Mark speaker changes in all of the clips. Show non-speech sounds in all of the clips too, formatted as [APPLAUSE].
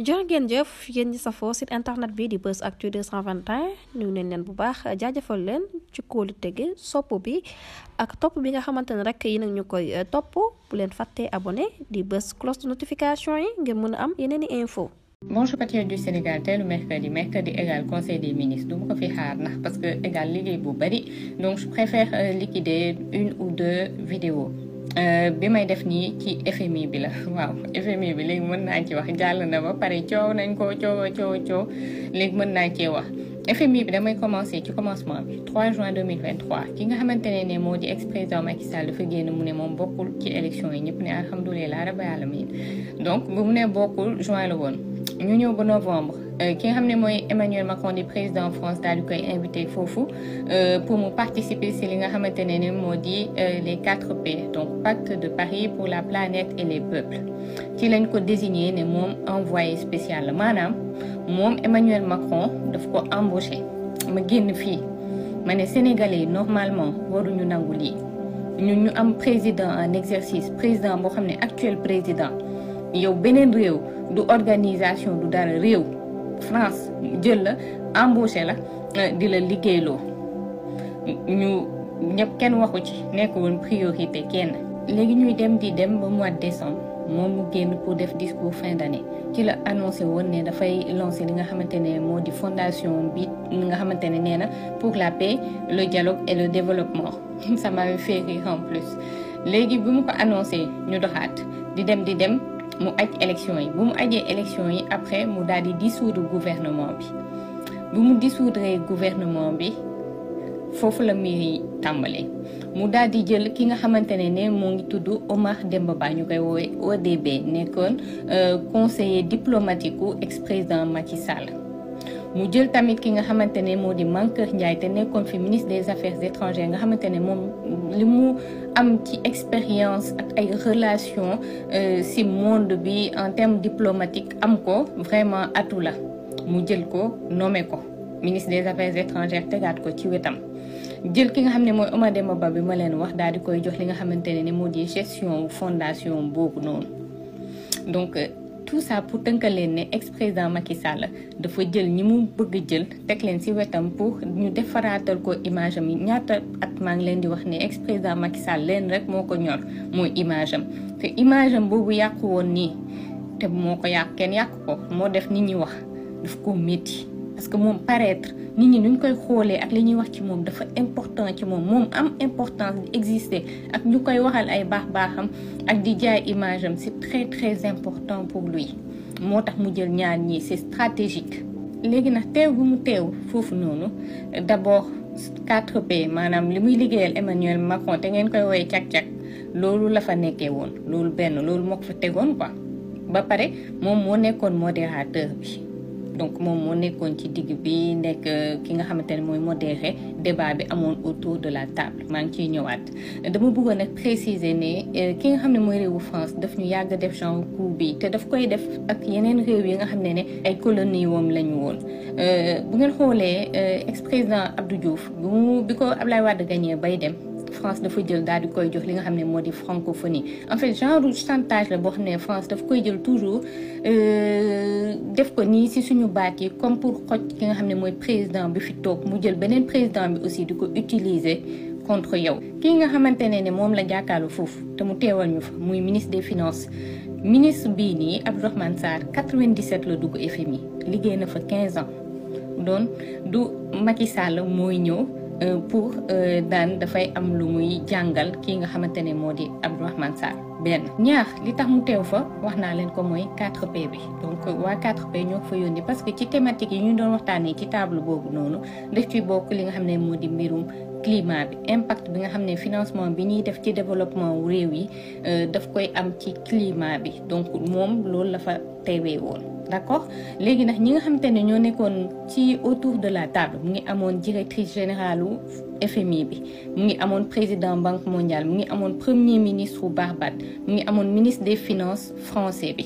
Speaker 1: jërë ngeen jëf yéen ñi safoo site internet bi di Buzz Actu 221 ñu neen leen bu baax jaajafal leen ci kóolu tege sopp bi ak topp bi nga xamante ne rek yi nag ñu koy eh, topp bu leen fàttee abone di bës cloche de notification yi ngeen mën a am yeneen i info Bonjour patriotes du Sénégal teelu mercredi mercredi égal conseil des ministres du ma ko fi xaar ndax parce que égal liggéey bu bari donc je préfère euh, liquider une ou deux vidéos Euh, bi may def nii ci FMI bi la [LAUGHS] waaw FMI bi léegi mën naa ci wax jàll na ba pare coow nañ koo coow coow coow léegi mën naa cee wax FMI bi damay commencé ci commencement bi 3 juin 2023 ki nga xamante ne ne moo di ex président Macky Sall dafa génn mu ne moom bokkul ci élection yi ñëpp ne alhamdulilah rabbil alamin donc bu mu ne bokkul juin la woon ñu ñëw ba novembre Euh, ki nga xam ne mooy Emmanuel Macron di président France daal di koy invité foofu euh, pour mu participer si li nga xamante ne ni moo di euh, les quatre P donc pacte de Paris pour la planète et les peuples ci lañ ko désigné ne moom envoyé spécial la maanaam moom Emmanuel Macron daf ko embauché ma génn fii ma ne Sénégalais normalement waruñu nangu lii ñu ñu am président en exercice président boo xam ne actuel président yow beneen réew du organisation du dara réew France jël la embauché la euh, di la liggéeyloo ñu ñëpp kenn waxu ci nekk woon priorité kenn. léegi ñuy dem di dem ba mois de décembre moom mu génn pour def discours fin d'année ci la annoncé woon ne dafay lancé li nga xamante ne moo di fondation bi nga xamante ne nee na pour la paix le dialogue et le développement [LAUGHS] ça m'avait fait rire en plus léegi bi mu ko annoncé ñu doxaat di dem di dem. mu aj élection yi bu mu ajee élection yi après mu daal di dissoudre gouvernement bi bu mu dissoudre gouvernement bi foofu la muy tàmbalee mu daal di jël ki nga xamante ne ne moo ngi tudd Omar Demba baa ñu koy woowee ODB nekkoon euh, conseiller diplomatique u ex-président Macky Sall mu jël tamit ki nga xamante ne moo di Mankeur Ndiaye te nekkoon fi ministre des affaires étrangères nga xamante ne moom li mu am ci expérience ak ay relations euh, si monde bi en termes diplomatique am ko vraiment atu la mu jël ko nommé ko ministre des affaires étrangères tegaat ko ci wetam. jël ki nga xam ne mooy Omar Demba Ba bi ma leen wax daal di koy jox li nga xamante ne moo di gestion fondation boobu noonu donc. Euh, tout ça pour tënkal leen ne ex président Macky Sall dafa jël ñi mu bëgg jël teg leen ci wetam pour ñu defaraatal ko image am ñaata at maa ngi leen di wax ne ex président Macky Sall leen rek moo ko ñor mooy image am te image am boobu yàqu woon nii te moo ko yàq kenn yàq ko moo def nit ñuy wax daf ko métti. parce que moom paraître nit ñi nuñ koy xoolee ak li ñuy wax ci moom dafa important ci moom moom am important di exister ak ñu koy waxal ay baax-baaxam ak di jaay image am c'est très très important pour lui moo tax mu jël ñaar ñii c'est stratégique. léegi nag teew bu mu teew foofu noonu d'abord 4P maanaam li muy liggéeyal Emmanuel Macron te ngeen koy woowee càq-càq loolu la fa nekkee woon loolu benn loolu moo ko fa tegoon ba ba pare moom moo nekkoon modérateur bi. donc moom moo nekkoon ci digg bi nekk euh, ki nga xamante ne mooy modéré débat bi amoon autour de la table maa ngi ciy ñëwaat dama bëggoon nag préciser ne euh, ki nga xam ne mooy réewu France daf ñu yàgg def genre coup bi te daf koy def ak yeneen réew yi nga xam ne ne ay colonie woom la ñu woon euh, bu ngeen xoolee ex président Abdou Diouf bu bi ko Ablaye Wade gagné bay dem France dafa jël daal di koy jox li nga xam ne moo di francophonie en fait genre chantage la boo xam ne France dafa koy jël toujours euh, def ko nii si suñu baat yi comme pour xoj ki nga xam ne mooy président bi fi toog mu jël beneen président bi aussi di ko utiliser contre yow. kii nga xamante ne ne moom la jàkkaarloo foofu te mu teewal ñu fa muy ministre des finance ministre bii nii Abdourahmane Sarr 97 la dugg FMI liggéey na fa quinze ans doon du Macky Sall mooy ñëw. Euh, pour euh, daan dafay am lu muy jàngal kii nga xamante ne moo di wax man Sarr benn ñaax li tax mu teew fa wax naa leen ko mooy quatre p bi donc waa 4P ñoo ko fa yónni parce que ci thématique yi ñu doon waxtaanee ci table boobu noonu def ci bokk li nga xam ne moo di mbirum climat bi impact bi nga xam ne financement bi ñuy def ci développement réew yi euh, daf koy am ci climat bi donc moom loolu la tey woon d'accord léegi nag ñi nga xamante ne ñoo nekkoon ci autour de la table mu ngi amoon directrice générale FMI bi mu ngi amoon président banque mondiale mu ngi amoon premier ministre bu Barbade mu ngi amoon ministre des finances français bi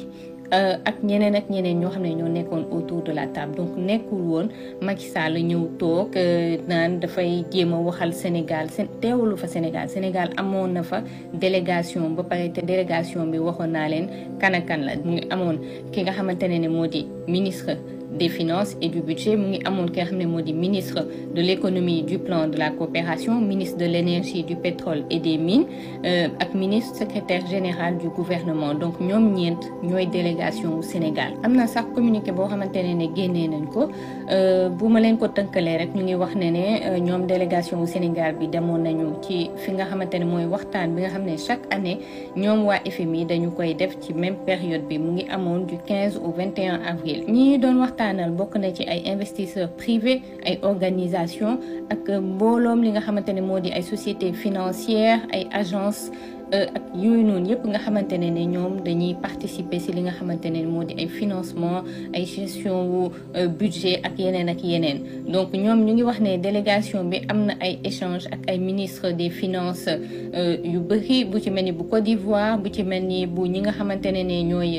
Speaker 1: Euh, ak ñeneen ak ñeneen ñoo xam ne ñoo nekkoon autour de la table donc nekkul woon Macky Sall ñëw toog euh, naan dafay jéem a waxal Sénégal seen teewalu fa Sénégal Sénégal amoon na fa délégation ba pare te délégation bi waxoon naa leen kan ak kan la amoon ki nga xamante ne ne moo di ministre. des finances et du budget mu ngi amoon ki nga xam ne moo di ministre de l'économie du plan de la coopération ministre de l'énergie du pétrole et des mines euh, ak ministre secretaire général du gouvernement donc ñoom ñeent ñooy délégation Sénégal am na sax communiqué boo xamante ne ne génnee nañ ko euh, bu ma leen ko tënkalee rek ñu ngi wax ne ne euh, ñoom délégation wu Sénégal bi demoon nañu ci fi nga xamante ne mooy waxtaan bi nga xam ne chaque année ñoom waa FMI dañu koy def ci même période bi mu ngi amoon du 15 au 21 avril ñi waxtaanal bokk na ci ay investisseurs privés ay organisations ak mbooloom li nga xamante ne moo di ay sociétés financières ay agences euh, ak yooyu noonu yëpp nga xamante ne ne ñoom dañuy participer si li nga xamante ne moo di ay financement ay gestion wu euh, budget ak yeneen ak yeneen donc ñoom ñu ngi wax ne délégation bi am na ay échange ak ay ministre des finances euh, yu bëri bu ci mel ni bu Côte d'Ivoire bu ci mel ni bu ñi nga xamante ne ne ñooy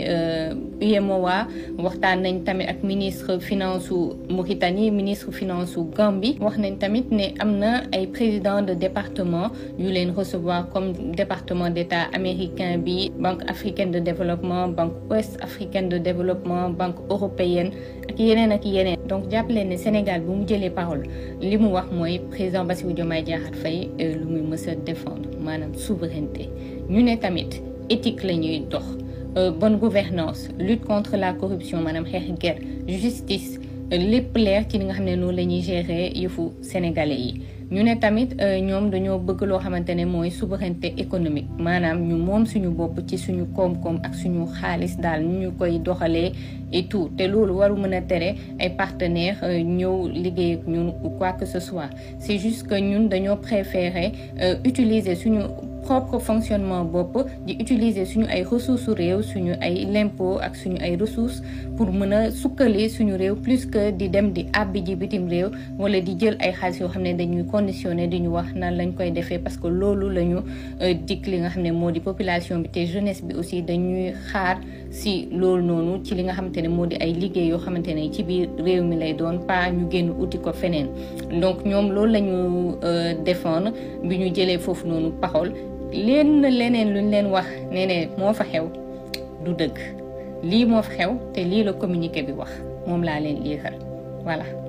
Speaker 1: UEMOA waxtaan nañ tamit ak ministre finance su Mauritanie ministre finance su Gambie wax nañ tamit ne am na ay président de département yu leen recevoir comme département d'État américain bi banque africaine de développement banque ouest africaine de développement banque européenne ak yeneen ak yeneen. donc jàpp ne Sénégal bu mu jëlee parole li mu wax mooy président Bassirou Diomaye Diakhar Faye euh, lu muy mës défendre maanaam souveraineté ñu ne tamit éthique la ñuy dox. Euh, bonne gouvernance lutte contre la corruption maanaam xeex guerre justice lépp leer ci li nga xam ne noonu la ñuy gérer yëfu sénégalais yi ñu ne tamit euh, ñoom dañoo bëgg loo xamante ne mooy souveraineté économique maanaam ñu moom suñu bopp ci suñu koom-koom ak suñu xaalis daal ñu koy doxalee et tout te loolu waru mën a tere ay partenaires euh, ñëw liggéey ñu ñun quoi que ce soit c'est juste que ñun dañoo préférer utiliser suñu propre fonctionnement bopp di utiliser suñu ay ressources réew suñu ay l'impôt ak suñu ay ressources pour mën a sukkali suñu réew plus que di dem di àbbi ji bitim réew wala di jël ay xaalis yoo xam ne dañuy conditionné di ñu wax nan lañ koy defee parce que loolu la ñu euh, dikk li nga xam ne moo di population te jeunesse bi aussi dañuy xaar si loolu noonu ci li nga xamante ne moo di ay liggéey yoo xamante ne ci biir réew mi lay doon pas ñu génn uti ko feneen donc ñoom loolu lañu ñu euh, défendre bi ñu jëlee foofu noonu parole lenn leneen luñ leen wax ne moo fa xew du dëgg lii moo fa xew te lii la communiqué bi wax moom laa leen liixal voilà